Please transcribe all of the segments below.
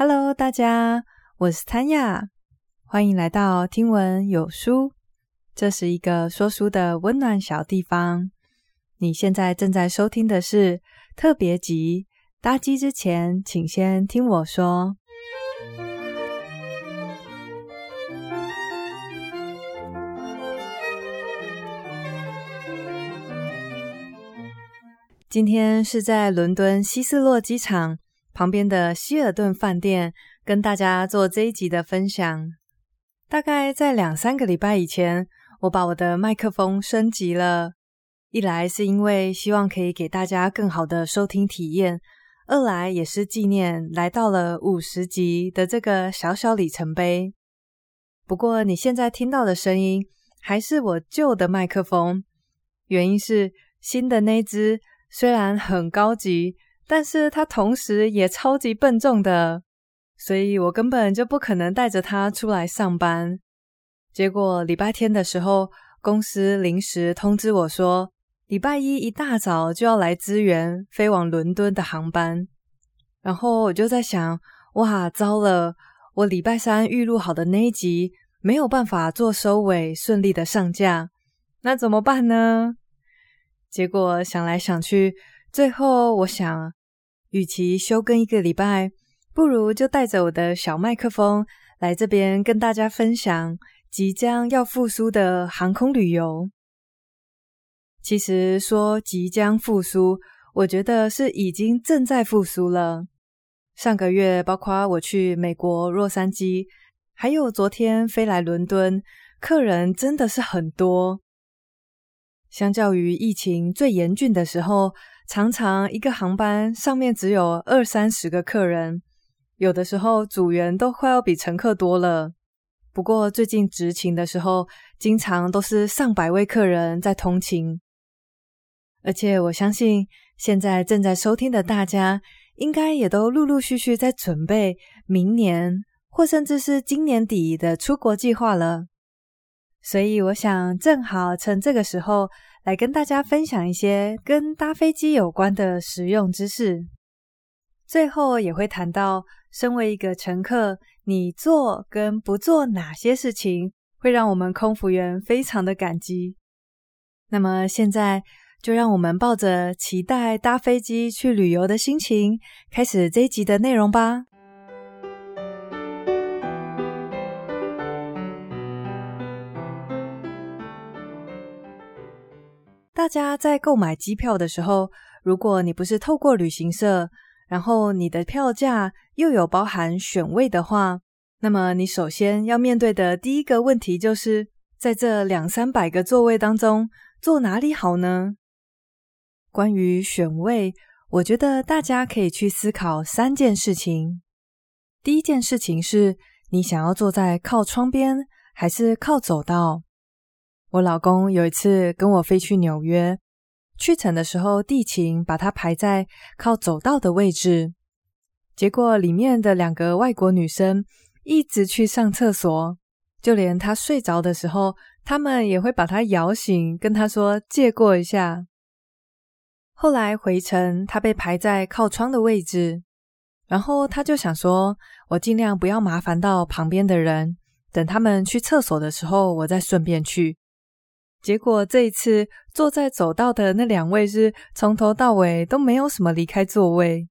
Hello，大家，我是 Tanya，歡迎來到聽聞有書，這是一個說書的溫暖小地方。你現在正在收聽的是特別集，搭機之前，請先聽我說。今天是在倫敦希斯洛機場。旁邊的希爾頓飯店跟大家做這一集的分享。大概在兩三個禮拜以前，我把我的麥克風升級了。一來是因為希望可以給大家更好的收聽體驗，二來也是紀念來到了五十集的這個小小里程碑。不過你現在聽到的聲音還是我舊的麥克風，原因是新的那支雖然很高級。但是他同時也超級笨重的，所以我根本就不可能帶着他出來上班。結果禮拜天的時候，公司臨時通知我說，禮拜一一大早就要來支援飛往倫敦的航班。然後我就在想，哇，糟了，我禮拜三預錄好的那一集沒有辦法做收尾，順利的上架，那怎麼辦呢？結果想來想去，最後我想。與其休更一個禮拜，不如就帶着我的小麥克風來這邊跟大家分享即將要復甦的航空旅遊。其實說即將復甦，我覺得是已經正在復甦了。上個月，包括我去美國洛杉磯，還有昨天飛來倫敦，客人真的是很多。相較於疫情最嚴峻的時候。常常一個航班上面只有二三十個客人，有的時候組員都快要比乘客多了。不過最近執勤的時候，經常都是上百位客人在通勤。而且我相信，現在正在收聽的大家，應該也都陸陸續續在準備明年或甚至是今年底的出國計劃了。所以我想，正好趁這個時候。來跟大家分享一些跟搭飛機有關的實用知識，最後也會談到身為一個乘客，你做跟不做哪些事情會讓我們空服員非常的感激。那麼現在就讓我們抱着期待搭飛機去旅遊的心情，開始這一集的內容吧。大家在購買機票的時候，如果你不是透過旅行社，然後你的票價又有包含選位的話，那麼你首先要面對的第一個問題就是，在這兩三百個座位當中，坐哪裡好呢？關於選位，我覺得大家可以去思考三件事情。第一件事情是，你想要坐在靠窗邊還是靠走道？我老公有一次跟我飛去紐約，去程的時候，地勤把他排在靠走道的位置，結果裡面的兩個外國女生一直去上廁所，就連他睡着的時候，他們也會把他搖醒，跟他說借過一下。後來回程，他被排在靠窗的位置，然後他就想說，我盡量不要麻煩到旁邊的人，等他們去廁所的時候，我再順便去。結果這一次坐在走道的那兩位是從頭到尾都沒有什麼離開座位，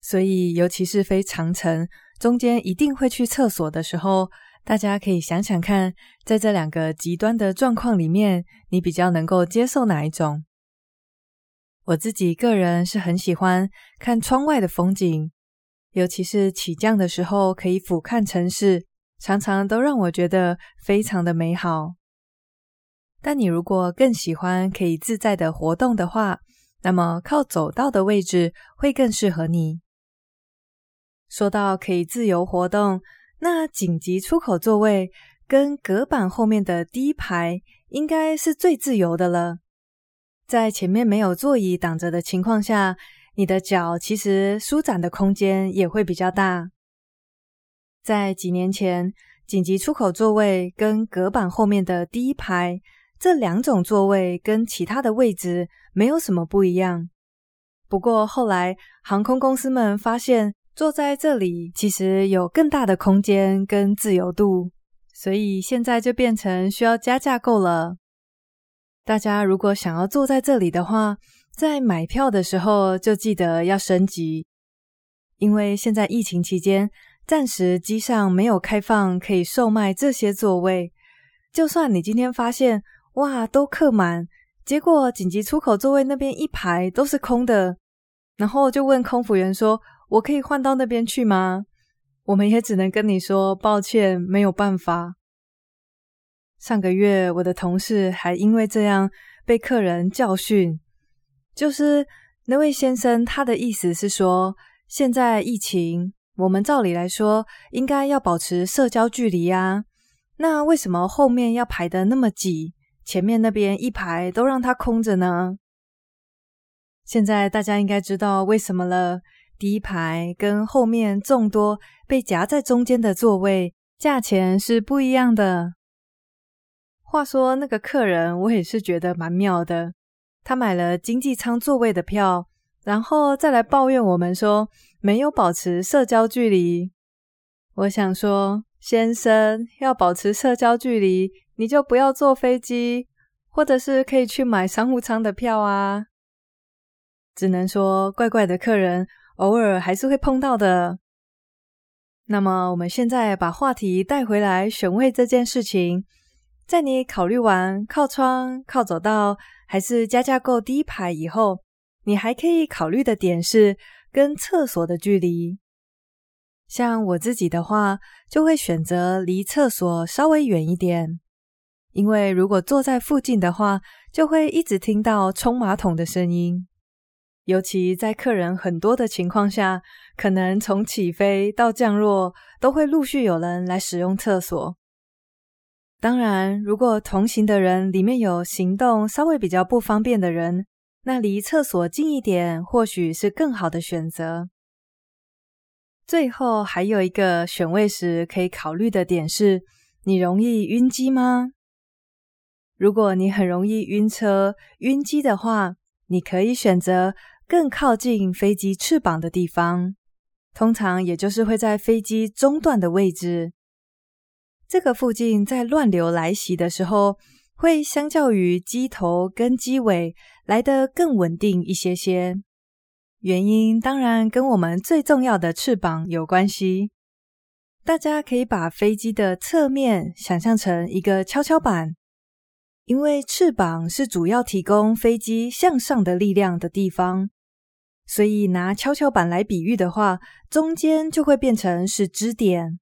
所以尤其是飛長程中間一定會去廁所的時候，大家可以想想看，在這兩個極端的狀況裡面，你比較能夠接受哪一種？我自己個人是很喜歡看窗外的風景，尤其是起降的時候可以俯瞰城市，常常都讓我覺得非常的美好。但你如果更喜歡可以自在的活動的話，那麼靠走道的位置會更適合你。說到可以自由活動，那緊急出口座位跟隔板後面的第一排應該是最自由的了。在前面沒有座椅擋着的情況下，你的腳其實舒展的空間也會比較大。在幾年前，緊急出口座位跟隔板後面的第一排。這兩種座位跟其他的位置沒有什麼不一樣，不過後來航空公司們發現坐在這裡其實有更大的空間跟自由度，所以現在就變成需要加價購了大家如果想要坐在這裡的話，在買票的時候就記得要升級，因為現在疫情期間暫時機上沒有開放可以售賣這些座位，就算你今天發現。哇，都客滿，結果緊急出口座位那邊一排都是空的，然後就問空服員說：“我可以換到那邊去嗎？”我們也只能跟你說抱歉，沒有辦法。上個月我的同事還因為這樣被客人教訓，就是那位先生，他的意思是說，現在疫情，我們照理來說應該要保持社交距離啊，那為什麼後面要排得那麼擠？前面那邊一排都讓他空着呢。現在大家應該知道為什麼了。第一排跟後面眾多被夾在中間的座位，價錢是不一樣的。話說那個客人，我也是覺得蠻妙的。他買了經濟艙座位的票，然後再來抱怨我們說沒有保持社交距離。我想說，先生要保持社交距離。你就不要坐飛機，或者是可以去買商務艙的票啊。只能說怪怪的客人偶爾還是會碰到的。那麼我們現在把話題帶回來選位這件事情，在你考慮完靠窗、靠走道還是加價購第一排以後，你還可以考慮的點是跟廁所的距離。像我自己的話，就會選擇離廁所稍微遠一點。因為如果坐在附近的話，就會一直聽到沖馬桶的聲音，尤其在客人很多的情況下，可能從起飛到降落都會陸續有人來使用廁所。當然，如果同行的人裡面有行動稍微比較不方便的人，那離廁所近一點或許是更好的選擇。最後，還有一個選位時可以考慮的點是，你容易暈機嗎？如果你很容易暈車、暈機的話，你可以選擇更靠近飛機翅膀的地方，通常也就是會在飛機中段的位置。這個附近在亂流來襲的時候，會相較於機頭跟機尾來得更穩定一些些。原因當然跟我們最重要的翅膀有關係。大家可以把飛機的側面想象成一個蹺蹺板。因為翅膀是主要提供飛機向上的力量的地方，所以拿蹺蹺板來比喻的話，中間就會變成是支點。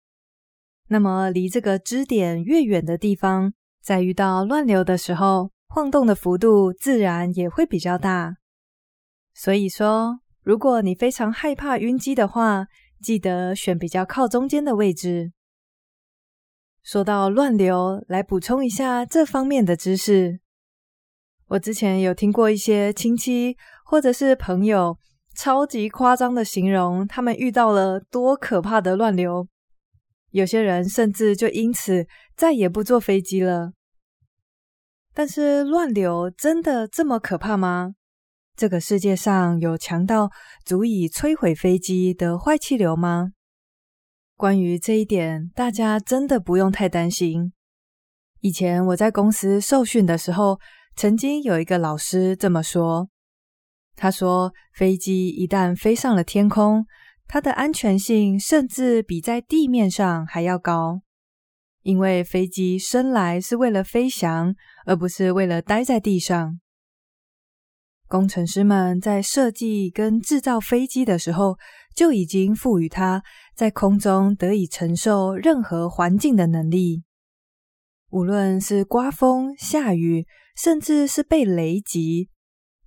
那麼離這個支點越遠的地方，在遇到亂流的時候，晃動的幅度自然也會比較大。所以說，如果你非常害怕暈機的話，記得選比較靠中間的位置。說到亂流，來補充一下這方面的知識。我之前有聽過一些親戚或者是朋友超級誇張的形容他們遇到了多可怕的亂流，有些人甚至就因此再也不坐飛機了。但是亂流真的這麼可怕嗎？這個世界上有強到足以摧毀飛機的壞氣流嗎？關於這一點，大家真的不用太擔心。以前我在公司受訓的時候，曾經有一個老師這麼說，他說，飛機一旦飛上了天空，它的安全性甚至比在地面上還要高，因為飛機生來是為了飛翔，而不是為了待在地上。工程師們在設計跟製造飛機的時候，就已經賦予它在空中得以承受任何環境的能力。無論是刮風、下雨，甚至是被雷擊，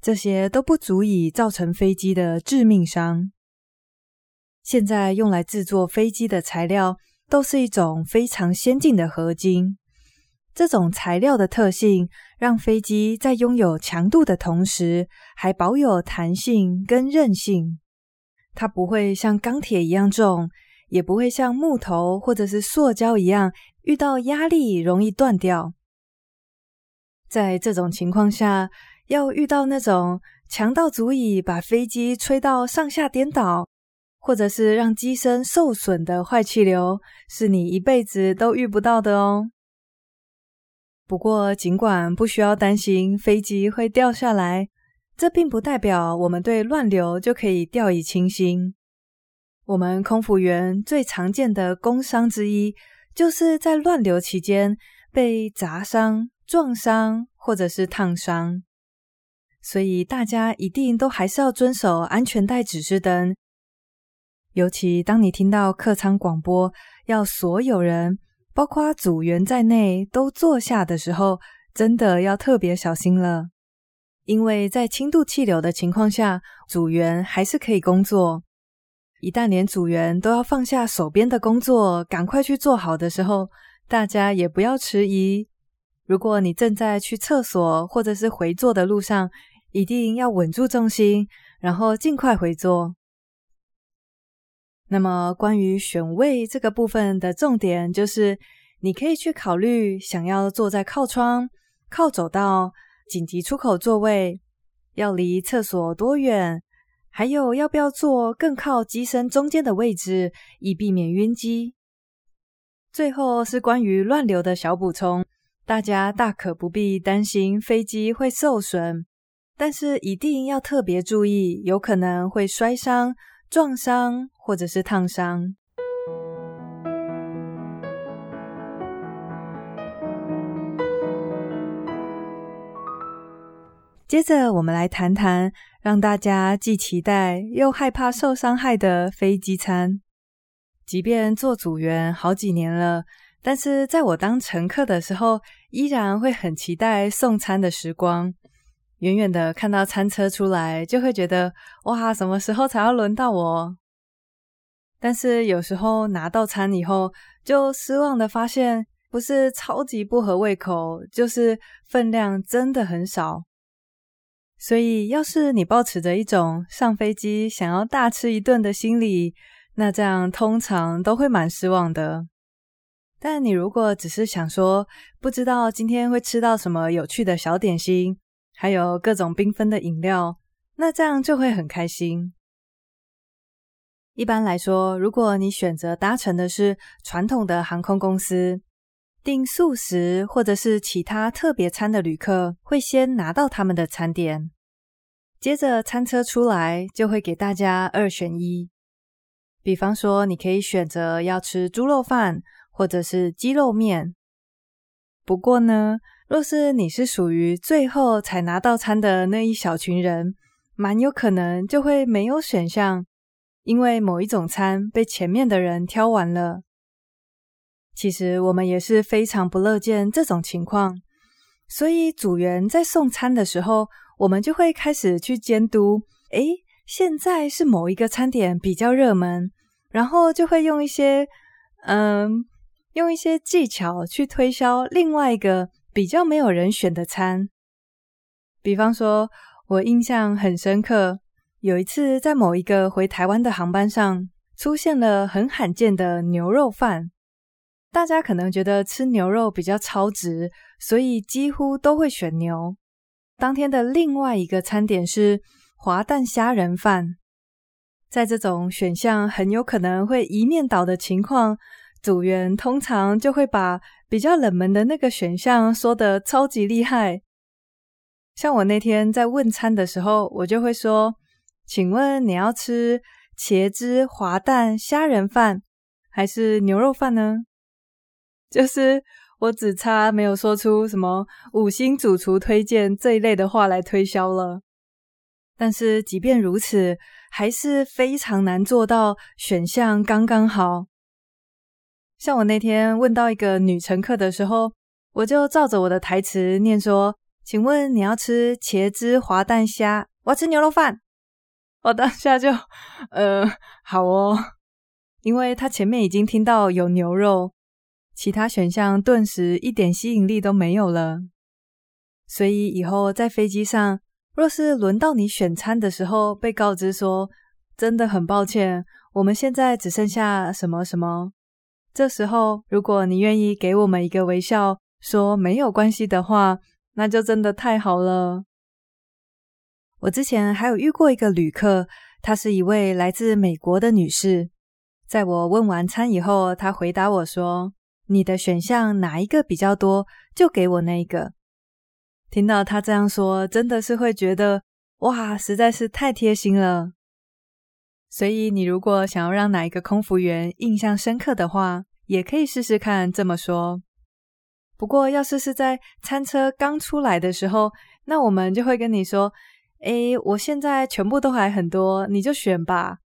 這些都不足以造成飛機的致命傷。現在用來製作飛機的材料都是一種非常先進的合金。這種材料的特性讓飛機在擁有強度的同時，還保有彈性跟韌性。它不會像鋼鐵一樣重，也不會像木頭或者是塑膠一樣遇到壓力容易斷掉。在這種情況下，要遇到那種強到足以把飛機吹到上下顛倒，或者是讓機身受損的壞氣流，是你一輩子都遇不到的哦。不過儘管不需要擔心飛機會掉下來。這並不代表我們對亂流就可以掉以輕心。我們空服員最常見的工傷之一，就是在亂流期間被砸傷、撞傷或者是燙傷。所以大家一定都還是要遵守安全帶指示燈。尤其當你聽到客艙廣播要所有人，包括組員在內都坐下的時候，真的要特別小心了。因為在輕度氣流的情況下，組員還是可以工作。一旦連組員都要放下手邊的工作，趕快去坐好的時候，大家也不要遲疑。如果你正在去廁所或者是回座的路上，一定要穩住重心，然後盡快回座。那麼關於選位這個部分的重點，就是你可以去考慮想要坐在靠窗、靠走道。緊急出口座位要離廁所多遠？還有要不要坐更靠機身中間的位置以避免暈機？最後是關於亂流的小補充，大家大可不必擔心飛機會受損，但是一定要特別注意，有可能會摔傷、撞傷或者是燙傷。接着，我們來談談讓大家既期待又害怕受傷害的飛機餐。即便做組員好幾年了，但是在我當乘客的時候，依然會很期待送餐的時光。遠遠的看到餐車出來，就會覺得哇，什麼時候才要輪到我？但是有時候拿到餐以後，就失望的發現，不是超級不合胃口，就是分量真的很少。所以，要是你抱持着一種上飛機想要大吃一頓的心理，那這樣通常都會蠻失望的。但你如果只是想說，不知道今天會吃到什麼有趣的小點心，還有各種繽紛的飲料，那這樣就會很開心。一般來說，如果你選擇搭乘的是傳統的航空公司，訂素食或者是其他特別餐的旅客會先拿到他們的餐點，接着餐車出來就會給大家二選一。比方說，你可以選擇要吃豬肉飯或者是雞肉麵。不過呢，若是你是屬於最後才拿到餐的那一小群人，蠻有可能就會沒有選項，因為某一種餐被前面的人挑完了。其實我們也是非常不樂見這種情況，所以組員在送餐的時候，我們就會開始去監督，誒，現在是某一個餐點比較熱門，然後就會用一些嗯、呃，用一些技巧去推銷另外一個比較沒有人選的餐。比方說，我印象很深刻，有一次在某一個回台灣的航班上，出現了很罕見的牛肉飯。大家可能覺得吃牛肉比較超值，所以幾乎都會選牛。當天的另外一個餐點是滑蛋蝦仁飯。在這種選項很有可能會一面倒的情況，組員通常就會把比較冷門的那個選項說得超級厲害。像我那天在問餐的時候，我就會說：“請問你要吃茄汁滑蛋蝦仁飯，還是牛肉飯呢？”就是我只差沒有說出什麼“五星主廚推薦”這一類的話來推銷了。但是即便如此，還是非常難做到選項剛剛好。像我那天問到一個女乘客的時候，我就照着我的台詞念說：“請問你要吃茄汁滑蛋蝦，我要吃牛肉飯。”我當下就，呃，好哦，因為他前面已經聽到有牛肉。其他選項頓時一點吸引力都沒有了。所以以後在飛機上，若是輪到你選餐的時候，被告知說“真的很抱歉，我們現在只剩下什麼什麼”，這時候如果你願意給我們一個微笑，說“沒有關係”的話，那就真的太好了。我之前還有遇過一個旅客，她是一位來自美國的女士，在我問完餐以後，她回答我說，你的選項哪一個比較多，就給我那一個。聽到他這樣說，真的是會覺得哇，實在是太貼心了。所以，你如果想要讓哪一個空服員印象深刻的話，也可以試試看這麼說。不過，要是是在餐車剛出來的時候，那我們就會跟你說：“誒，我現在全部都還很多，你就選吧。”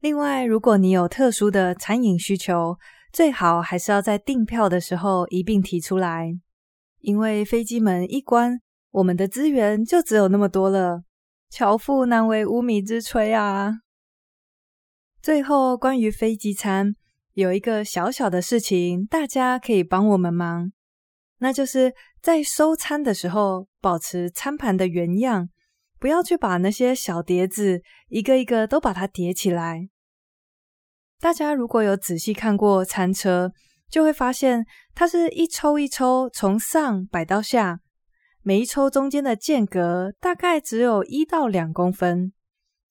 另外，如果你有特殊的餐飲需求，最好還是要在訂票的時候一併提出來，因為飛機門一關，我們的資源就只有那麼多了。巧婦難為無米之炊啊！最後，關於飛機餐，有一個小小的事情，大家可以幫我們忙，那就是在收餐的時候，保持餐盤的原樣，不要去把那些小碟子一個一個都把它疊起來。大家如果有仔細看過餐車，就會發現它是一抽一抽從上擺到下，每一抽中間的間隔大概只有一到兩公分。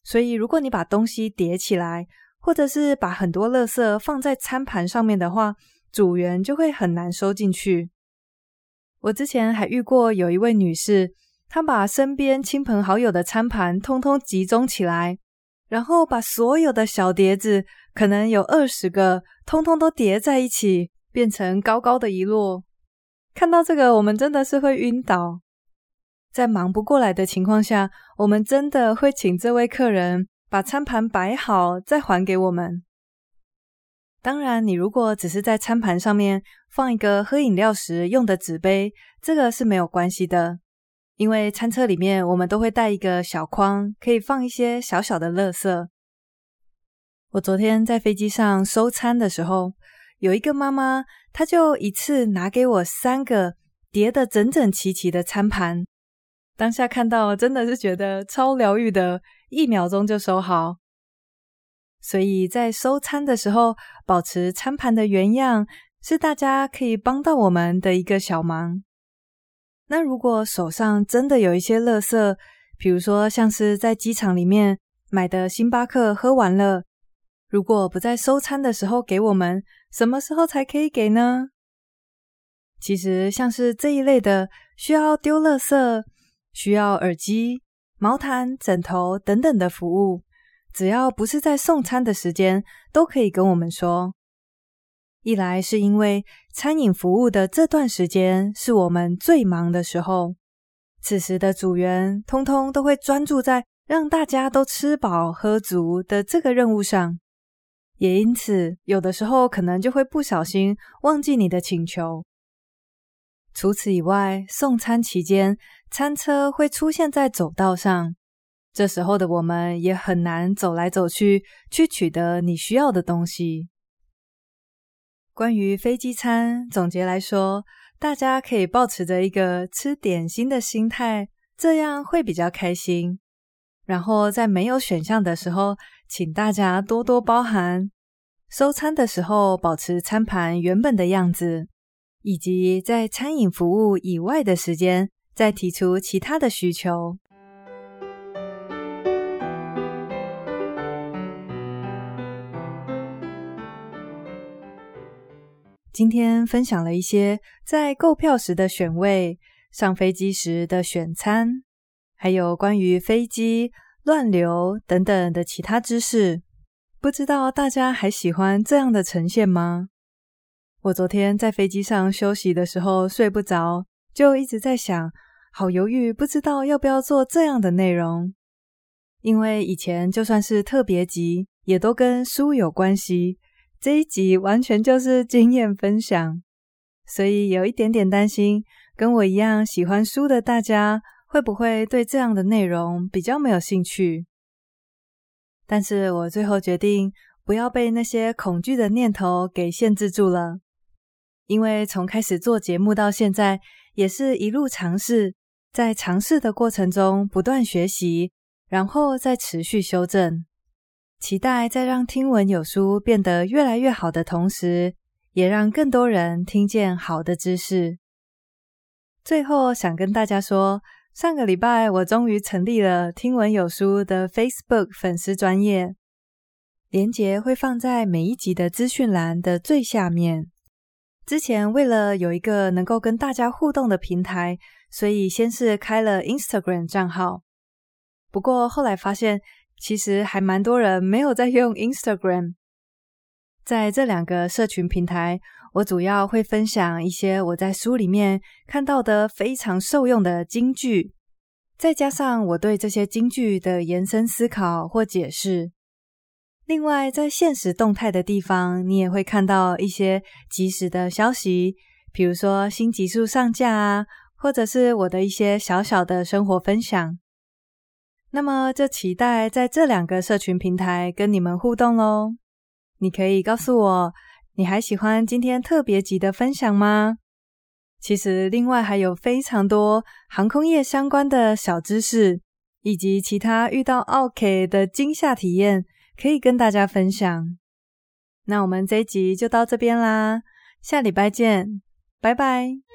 所以如果你把東西疊起來，或者是把很多垃圾放在餐盤上面的話，組員就會很難收進去。我之前還遇過有一位女士，她把身邊親朋好友的餐盤通通集中起來。然後把所有的小碟子，可能有二十個，通通都疊在一起，變成高高的一摞。看到這個，我們真的是會暈倒。在忙不過來的情況下，我們真的會請這位客人把餐盤擺好，再還給我們。當然，你如果只是在餐盤上面放一個喝飲料時用的紙杯，這個是沒有關係的。因為餐車裡面，我們都會帶一個小筐，可以放一些小小的垃圾。我昨天在飛機上收餐的時候，有一個媽媽，她就一次拿給我三個疊得整整齊齊的餐盤。當下看到，真的是覺得超療癒的，一秒鐘就收好。所以在收餐的時候，保持餐盤的原樣，是大家可以幫到我們的一個小忙。那如果手上真的有一些垃圾，比如說像是在機場裡面買的星巴克喝完了，如果不在收餐的時候給我們，什麼時候才可以給呢？其實像是這一類的需要丟垃圾、需要耳機、毛毯、枕頭等等的服務，只要不是在送餐的時間，都可以跟我們說。一來是因為餐飲服務的這段時間是我們最忙的時候，此時的組員通通都會專注在讓大家都吃飽喝足的這個任務上，也因此有的時候可能就會不小心忘記你的請求。除此以外，送餐期間，餐車會出現在走道上，這時候的我們也很難走來走去去取得你需要的東西。關於飛機餐，總結來說，大家可以抱持著一個吃點心的心態，這樣會比較開心。然後在沒有選項的時候，請大家多多包涵。收餐的時候保持餐盤原本的樣子，以及在餐飲服務以外的時間再提出其他的需求。今天分享了一些在購票時的選位、上飛機時的選餐，還有關於飛機亂流等等的其他知識。不知道大家還喜歡這樣的呈現嗎？我昨天在飛機上休息的時候睡不着，就一直在想，好猶豫，不知道要不要做這樣的內容，因為以前就算是特別集，也都跟書有關係。這一集完全就是經驗分享，所以有一點點擔心，跟我一樣喜歡書的大家會不會對這樣的內容比較沒有興趣？但是我最後決定不要被那些恐懼的念頭給限制住了，因為從開始做節目到現在，也是一路嘗試，在嘗試的過程中不斷學習，然後再持續修正。期待在讓聽聞有書變得越來越好的同時，也讓更多人聽見好的知識。最後想跟大家說，上個禮拜我終於成立了聽聞有書的 Facebook 粉絲專頁，連結會放在每一集的資訊欄的最下面。之前為了有一個能夠跟大家互動的平台，所以先是開了 Instagram 賬號，不過後來發現，其實還蠻多人沒有在用 Instagram。在這兩個社群平台，我主要會分享一些我在書裡面看到的非常受用的金句，再加上我對這些金句的延伸思考或解釋。另外，在現實動態的地方，你也會看到一些即時的消息，比如說新集數上架，啊，或者是我的一些小小的生活分享。那麼就期待在這兩個社群平台跟你們互動咯，你可以告訴我，你還喜歡今天特別集的分享嗎？其實另外還有非常多航空業相關的小知識，以及其他遇到奧 K 的驚嚇體驗，可以跟大家分享。那我們這一集就到這邊啦，下禮拜見，拜拜。